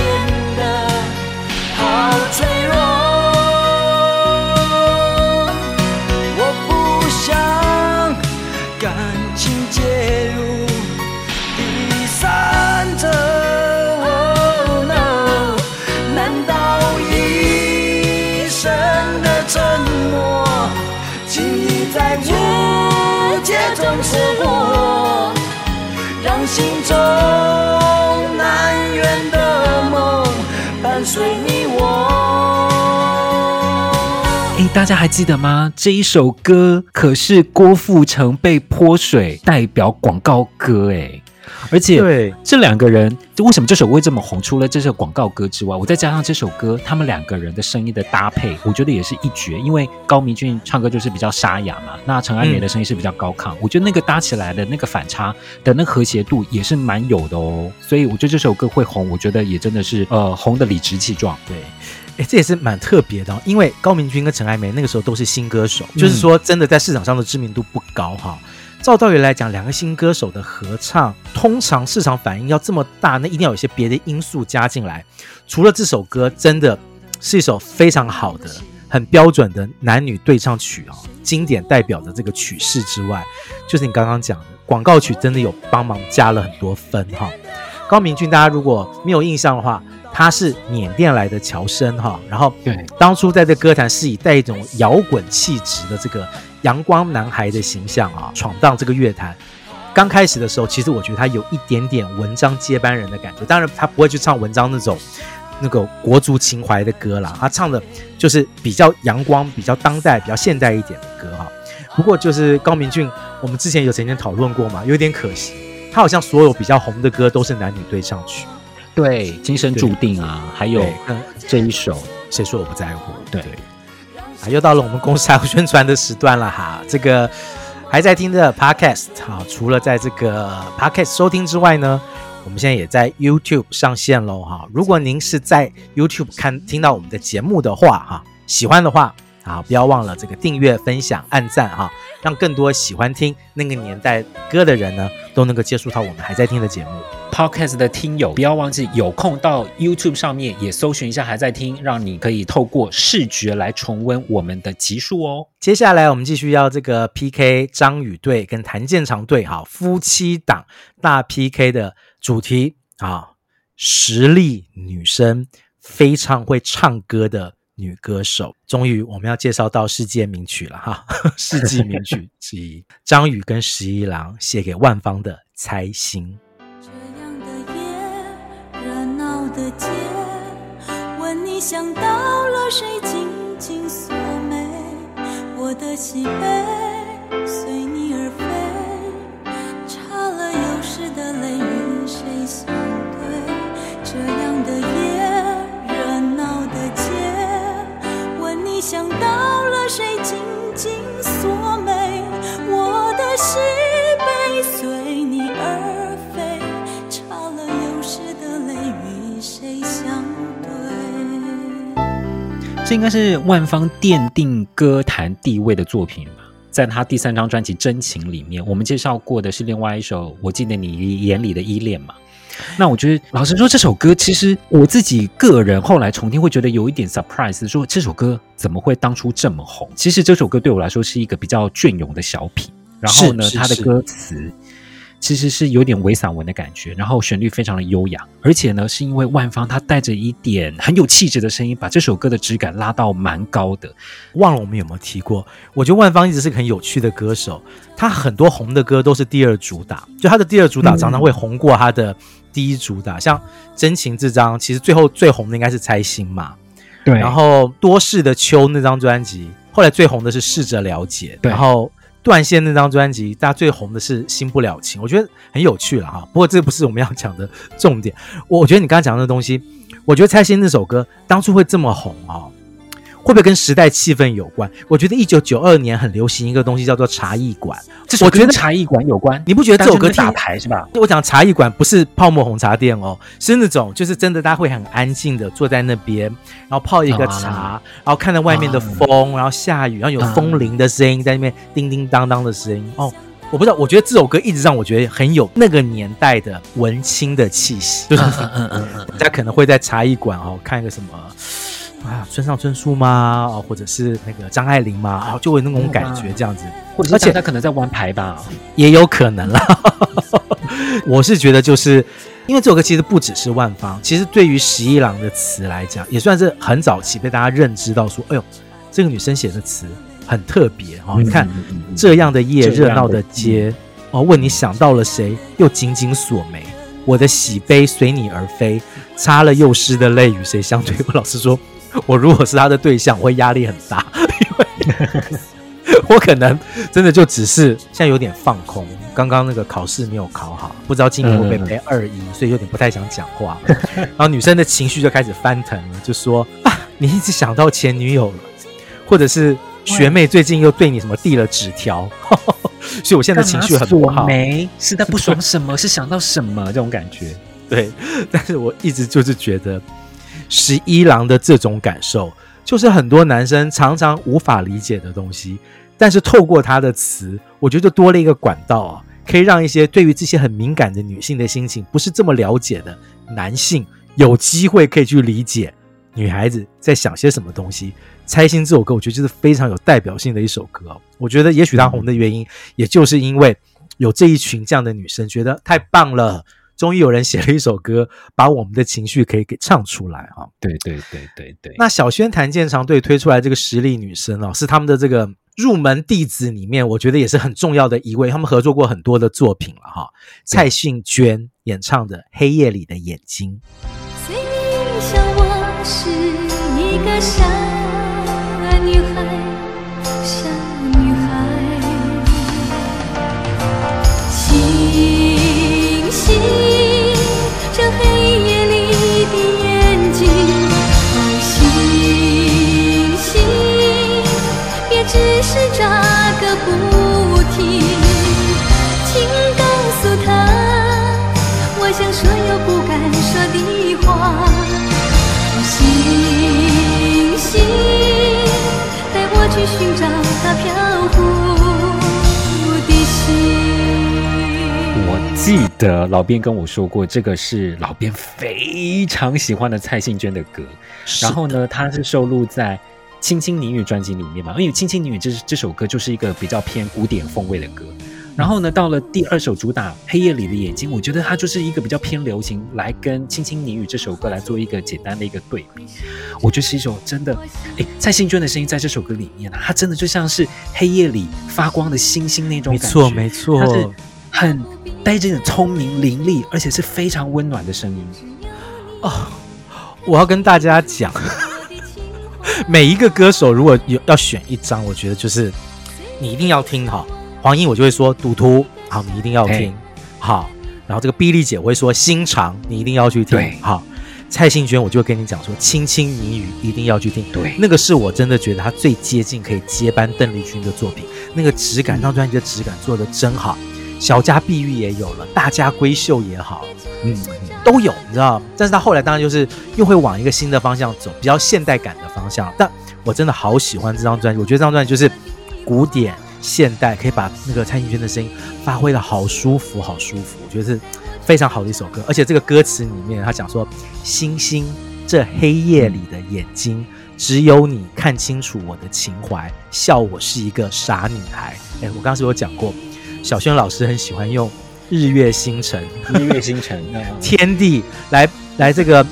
哎，大家還記得嗎？這一首歌可是郭富城被潑水的代表廣告歌哎。而且，對這兩個人，為什麼這首歌會這麼紅？除了這首廣告歌之外，我再加上這首歌，他們兩個人的聲音的搭配，我覺得也是一絕。因為高明駿唱歌就是比較沙啞嘛，那陳艾玫的聲音是比較高亢，嗯、我覺得那個搭起來的那個反差的那個、和諧度也是蠻有的哦。所以我覺得這首歌會紅，我覺得也真的是呃紅得理直氣壯。對，誒，這也是蠻特別的、哦，因為高明駿跟陳艾玫那個時候都是新歌手、嗯，就是說真的在市場上的知名度不高哈。照道理來講，兩個新歌手的合唱，通常市場反應要這麼大，那一定要有一些別的因素加進來。除了這首歌真的是一首非常好的、很標準的男女對唱曲啊，經典代表的這個曲式之外，就是你剛剛講的廣告曲，真的有幫忙加了很多分哈。高明駿，大家如果沒有印象的話，他是緬甸來的僑生哈，然後對，當初在這歌壇是以帶一種搖滾氣質的這個陽光男孩的形象啊，闖蕩這個樂壇。剛開始的時候，其實我覺得他有一點點文章接班人的感覺，當然他不會去唱文章那種那個國族情懷的歌啦，他唱的就是比較陽光、比較當代、比較現代一點的歌哈。不過就是高明駿，我們之前有曾經討論過嘛，有點可惜。他好像所有比較紅的歌都是男女對唱曲，對《今生注定》啊，還有這一首《誰說我不在乎》對，啊，又到了我們公司還有宣傳的時段了哈。這個還在聽的 Podcast 啊，除了在這個 Podcast 收聽之外呢，我們現在也在 YouTube 上線嘍哈、啊。如果您是在 YouTube 看聽到我們的節目的話哈、啊，喜歡的話。啊！不要忘了這個訂閱、分享、按讚啊，讓更多喜歡聽那個年代歌的人呢，都能夠接觸到我們還在聽的節目。Podcast 的聽友，不要忘記有空到 YouTube 上面也搜尋一下還在聽，讓你可以透過視覺來重溫我們的集數哦。接下來我們繼續要這個 PK 張宇隊跟譚健常隊哈，夫妻檔大 PK 的主題啊，實力女生非常會唱歌的。女歌手，終於我們要介紹到世界名曲了哈，哈，世紀名曲之一，張宇 跟十一郎寫給萬芳的猜心，這樣的夜，熱鬧的街，問你想到了誰，緊緊鎖眉我的喜悲這應該是萬芳奠定歌壇地位的作品嘛，在他第三張專輯《真情》裡面，我們介紹過的是另外一首，我記得你眼裡的依戀嘛。那我覺得，老實說，這首歌其實我自己個人後來重聽會覺得有一點 surprise，說這首歌怎麼會當初這麼紅？其實這首歌對我來說是一個比較雋永的小品，然後呢，它的歌詞。其實是有點偽散文的感覺，然後旋律非常的優雅，而且呢，是因為萬芳她帶着一點很有氣質的聲音，把這首歌的質感拉到蠻高的。忘了我們有沒有提過？我覺得萬芳一直是一個很有趣的歌手，他很多紅的歌都是第二主打，就他的第二主打常常會紅過他的第一主打。嗯、像《真情》這張，其實最後最紅的應該是《猜心》嘛。對。然後《多事的秋》那張專輯，後來最紅的是《試着了解》。對。然後。斷線那張專輯，大家最紅的是《新不了情》，我覺得很有趣了哈。不過這不是我們要講的重點。我我覺得你剛才講的那東西，我覺得《猜心》那首歌當初會這麼紅啊？會不會跟時代氣氛有關？我覺得一九九二年很流行一個東西叫做茶藝館，我覺得茶藝館有關。你不覺得這首歌的聽打牌是吧？我講茶藝館不是泡沫紅茶店哦，是那種就是真的，大家會很安靜的坐在那邊，然後泡一個茶，uh -huh. 然後看到外面的風，uh -huh. 然後下雨，然後有風鈴的聲音在那邊叮叮噹噹的聲音。Uh -huh. 哦，我不知道，我覺得這首歌一直讓我覺得很有那個年代的文青的氣息。對、uh、對 -huh. 大家可能會在茶藝館哦看一個什麼。啊，村上春樹嗎？哦，或者是那個張愛玲嗎？啊，就會那種感覺這樣子，嗯啊、而且他可能在玩牌吧，也有可能啦。 我是覺得，就是因為這首歌其實不只是萬芳，其實對於十一郎的詞來講，也算是很早期被大家認知到說，哎呦，這個女生寫的詞很特別啊！你、哦嗯、看、嗯嗯、這樣的夜，熱鬧的，的街、嗯，哦，問你想到了誰？又緊緊鎖眉，我的喜悲隨你而飛，擦了又濕的淚與誰相對？我老實說。我如果是他的對象，我會壓力很大，因為我可能真的就只是現在有點放空。剛剛那個考試沒有考好，不知道今年會不會被二一，所以有點不太想講話。嗯嗯嗯，然後女生的情緒就開始翻騰了，就說啊，你一直想到前女友了，或者是學妹最近又對你什麼遞了紙條，呵呵，所以我現在情緒很不好。沒是在不爽什麼，是想到什麼這種感覺。對，但是我一直就是覺得。十一郎的這種感受，就是很多男生常常無法理解的東西。但是透過他的詞，我覺得多了一個管道啊，可以讓一些對於這些很敏感的女性的心情不是這麼了解的男性，有機會可以去理解女孩子在想些什麼東西。《猜心》這首歌，我覺得就是非常有代表性的一首歌。我覺得也許他紅的原因，也就是因為有這一群這樣的女生覺得太棒了。終於有人寫了一首歌，把我們的情緒可以給唱出來啊！對對對對對。那小軒譚健常隊推出來這個實力女生啊、哦，是他們的這個入門弟子裡面，我覺得也是很重要的一位。他們合作過很多的作品了哈。蔡幸娟演唱的《黑夜裡的眼睛》。我一個我記得老編跟我說過，這個是老編非常喜歡的蔡幸娟的歌的。然後呢，他是收錄在《青青女女》專輯裡面嘛？因為《青青女女》這這首歌就是一個比較偏古典風味的歌。然後呢，到了第二首主打《黑夜裡的眼睛》，我覺得它就是一個比較偏流行，來跟《輕輕你語》這首歌來做一個簡單的一個對比。我覺得是一首真的，哎，蔡幸娟的聲音在這首歌裡面，它真的就像是黑夜裡發光的星星那種感覺。沒錯沒錯，它是很帶着一種聰明伶俐，而且是非常溫暖的聲音。哦、oh,，我要跟大家講， 每一個歌手如果有要選一張，我覺得就是你一定要聽哈。黃英，我就會說賭徒，好，你一定要聽。好，然後這個碧麗姐，我會說心腸，你一定要去聽。好，蔡幸娟，我就會跟你講說《親親你語》，一定要去聽對對，那個是我真的覺得她最接近可以接班鄧麗君的作品。那個質感，這張專輯的質感做的真好。小家碧玉也有了，大家閨秀也好，嗯，嗯，都有，你知道。但是她後來當然就是又會往一個新的方向走，比較現代感的方向。但我真的好喜歡這張專輯，我覺得這張專輯就是古典。現代可以把那個蔡幸娟的聲音發揮得好舒服，好舒服，我覺得是非常好的一首歌。而且這個歌詞裡面，她講說：“星星，這黑夜裡的眼睛，只有你看清楚我的情懷，笑我是一個傻女孩。欸”哎，我剛才有講過，小軒老師很喜歡用日月星辰、日月星辰、 天地來來這個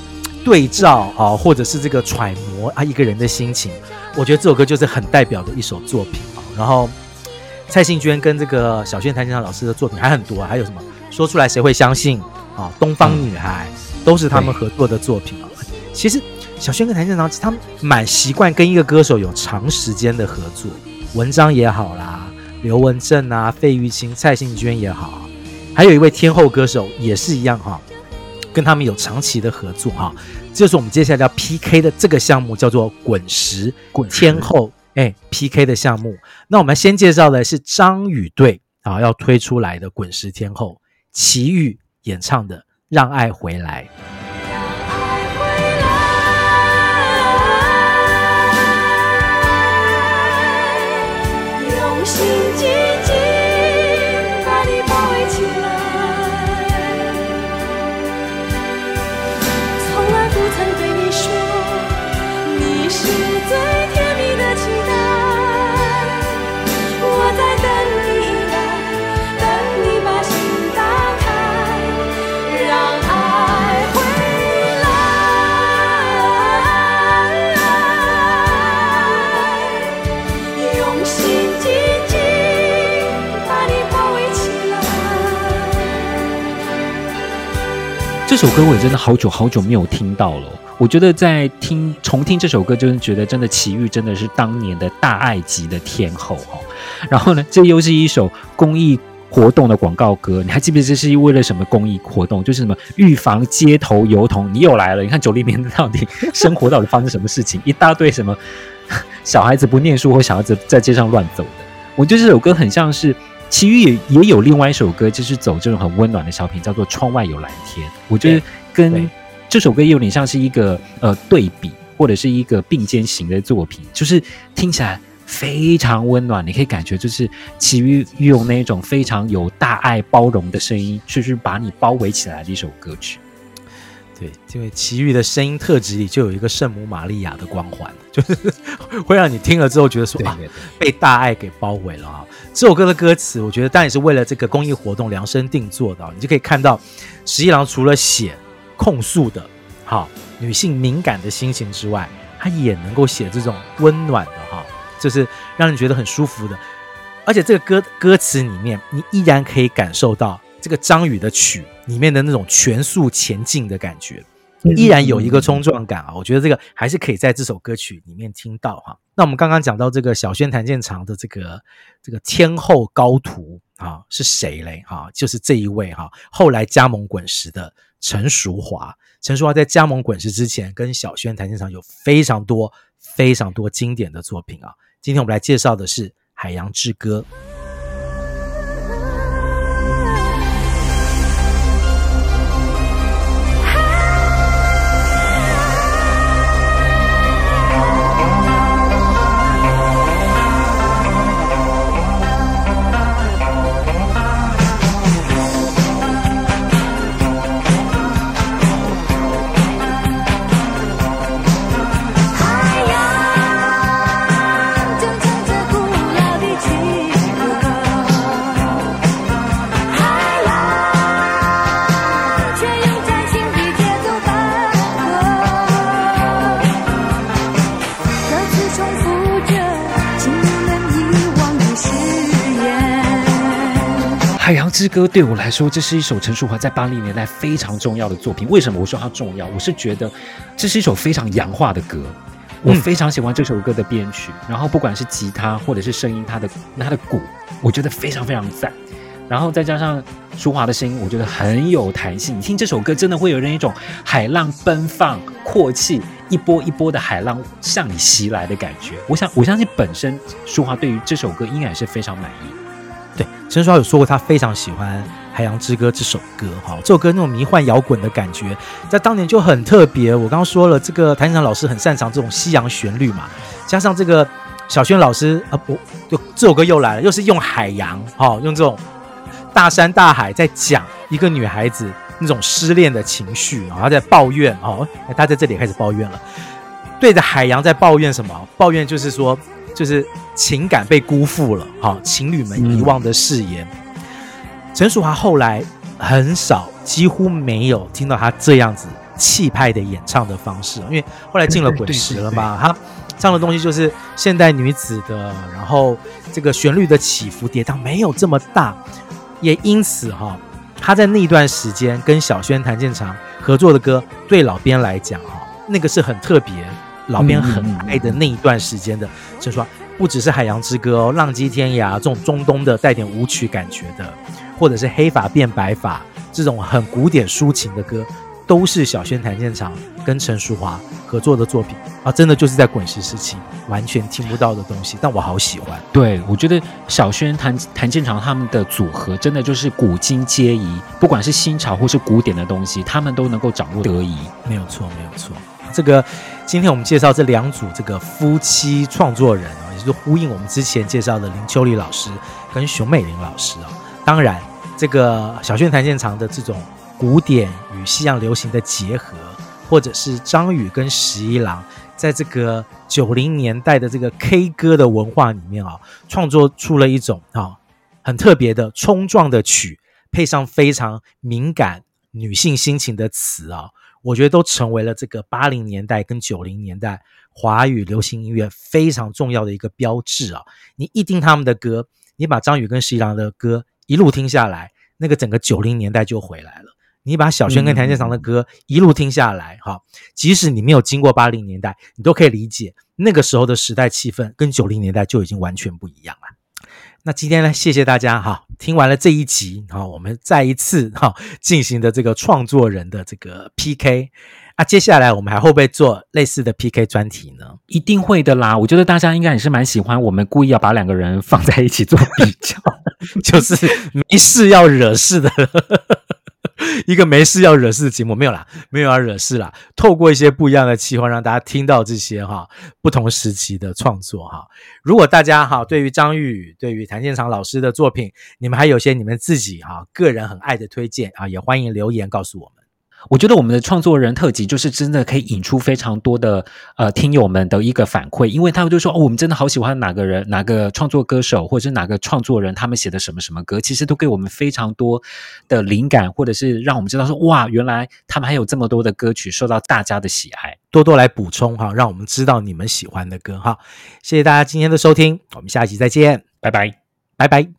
對照啊、嗯，或者是這個揣摩啊一個人的心情。我覺得這首歌就是很代表的一首作品啊。然後。蔡幸娟跟這個小軒、譚健常老師的作品還很多、啊，還有什麼？說出來誰會相信啊？東方女孩、嗯、都是他們合作的作品啊。其實小軒跟譚健常他們蠻習慣跟一個歌手有長時間的合作，文章也好啦，劉文正啊、費玉清、蔡幸娟也好，還有一位天后歌手也是一樣哈、啊，跟他們有長期的合作哈、啊。就是我們接下來要 PK 的這個項目叫做《滾石滾天後》。哎，PK 的項目，那我們先介紹的是張宇隊啊要推出來的滾石天后齊豫演唱的《讓愛回來》。這首歌我也真的好久好久沒有聽到了，哦。我覺得在聽重聽這首歌，就是覺得真的齊豫，真的是當年的大愛級的天后哈，哦，然後呢，這又是一首公益活動的廣告歌。你還記不記得這是為了什麼公益活動？就是什麼預防街頭遊童。你又來了，你看九零年代到底生活到底發生什麼事情？ 一大堆什麼小孩子不念書或小孩子在街上亂走的。我覺得這首歌很像是。齊豫也也有另外一首歌，就是走這種很溫暖的小品，叫做《窗外有藍天》。我覺得跟這首歌有點像是一個呃對比，或者是一個並肩行的作品，就是聽起來非常溫暖，你可以感覺就是齊豫用那一種非常有大愛包容的聲音，去、去，就是把你包圍起來的一首歌曲。對，因為齊豫的聲音特質裡就有一個聖母瑪利亞的光環，就是會讓你聽了之後覺得說對對對、啊、被大愛給包圍了、啊。這首歌的歌詞，我覺得當然也是為了這個公益活動量身定做的、啊。你就可以看到，十一郎除了寫控訴的哈、啊、女性敏感的心情之外，他也能夠寫這種溫暖的哈、啊，就是讓人覺得很舒服的。而且這個歌歌詞裡面，你依然可以感受到。這個張宇的曲裡面的那種全速前進的感覺，依然有一個衝撞感啊！我覺得這個還是可以在這首歌曲裡面聽到哈、啊。那我們剛剛講到這個小軒譚健常的這個這個天后高徒啊，是誰嘞？哈，就是這一位哈、啊。後來加盟滾石的陳淑樺，陳淑樺在加盟滾石之前，跟小軒譚健常有非常多非常多經典的作品啊。今天我們來介紹的是《海洋之歌》。歌對我來說，這是一首陳淑樺在八零年代非常重要的作品。為什麼我說它重要？我是覺得這是一首非常洋化的歌，我非常喜歡這首歌的編曲、嗯，然後不管是吉他或者是聲音，它的、它的鼓，我覺得非常非常讚。然後再加上淑樺的聲音，我覺得很有彈性。你聽這首歌，真的會給人一種海浪奔放、闊氣、一波一波的海浪向你襲來的感覺。我想，我相信本身淑樺對於這首歌應該是非常滿意。對，陳書豪有說過，他非常喜歡《海洋之歌》這首歌，哈，這首歌那種迷幻搖滾的感覺，在當年就很特別。我剛剛說了，這個譚健常老師很擅長這種西洋旋律嘛，加上這個小軒老師，啊不，這首歌又來了，又是用海洋，哈、哦，用這種大山大海在講一個女孩子那種失戀的情緒，然後在抱怨，哦、哎，他在這裡開始抱怨了，對着海洋在抱怨什麼？抱怨就是說。就是情感被辜負了，哈，情侶們遺忘的誓言。陳、嗯、淑樺後來很少，幾乎沒有聽到他這樣子氣派的演唱的方式，因為後來進了滾石了嘛，對對對對，他唱的東西就是現代女子的，然後這個旋律的起伏跌宕沒有這麼大，也因此哈，他在那段時間跟小軒、譚健常合作的歌，對老編來講哈，那個是很特別。老編很愛的那一段時間的，嗯，就是說不只是《海洋之歌》哦，《浪跡天涯》這種中東的帶點舞曲感覺的，或者是《黑髮變白髮》這種很古典抒情的歌，都是小軒譚健常跟陳淑樺合作的作品啊！真的就是在滾石時期完全聽不到的東西，但我好喜歡。對我覺得小軒譚譚健常他們的組合真的就是古今皆宜，不管是新潮或是古典的東西，他們都能夠掌握得，得宜。沒有錯，沒有錯，這個。今天我們介紹這兩組這個夫妻創作人啊，也就是呼應我們之前介紹的林秋離老師跟熊美玲老師啊。當然，這個小軒譚健常的這種古典與西洋流行的結合，或者，是張宇跟十一郎在這個九零年代的這個 K 歌的文化裡面啊，創作出了一種啊很特別的衝撞的曲，配上非常敏感女性心情的詞啊。我覺得都成為了這個八零年代跟九零年代華語流行音樂非常重要的一個標誌啊！你一聽他們的歌，你把張宇跟十一郎的歌一路聽下來，那個整個九零年代就回來了。你把小軒跟譚健常的歌一路聽下來，哈，即使你沒有經過八零年代，你都可以理解那個時候的時代氣氛跟九零年代就已經完全不一樣了。那今天呢？謝謝大家哈！聽完了這一集哈、哦，我們再一次哈、哦、進行的這個創作人的這個 PK 啊，接下來我們還會不會做類似的 PK 專題呢？一定會的啦！我覺得大家應該也是蠻喜歡我們故意要把兩個人放在一起做比較， 就是沒事要惹事的。 一個沒事要惹事的節目沒有啦，沒有要惹事啦。透過一些不一樣的切換，讓大家聽到這些哈不同時期的創作哈。如果大家哈對於張宇，對於譚健常老師的作品，你們還有些你們自己哈個人很愛的推薦啊，也歡迎留言告訴我們。我覺得我們的創作人特輯就是真的可以引出非常多的呃聽友們的一個反饋，因為他們就說哦，我們真的好喜歡哪個人、哪個創作歌手或者是哪個創作人，他們寫的什麼什麼歌，其實都給我們非常多的靈感，或者是讓我們知道說哇，原來他們還有這麼多的歌曲受到大家的喜愛。多多來補充哈，讓我們知道你們喜歡的歌哈。謝謝大家今天的收聽，我們下期再見，拜拜，拜拜。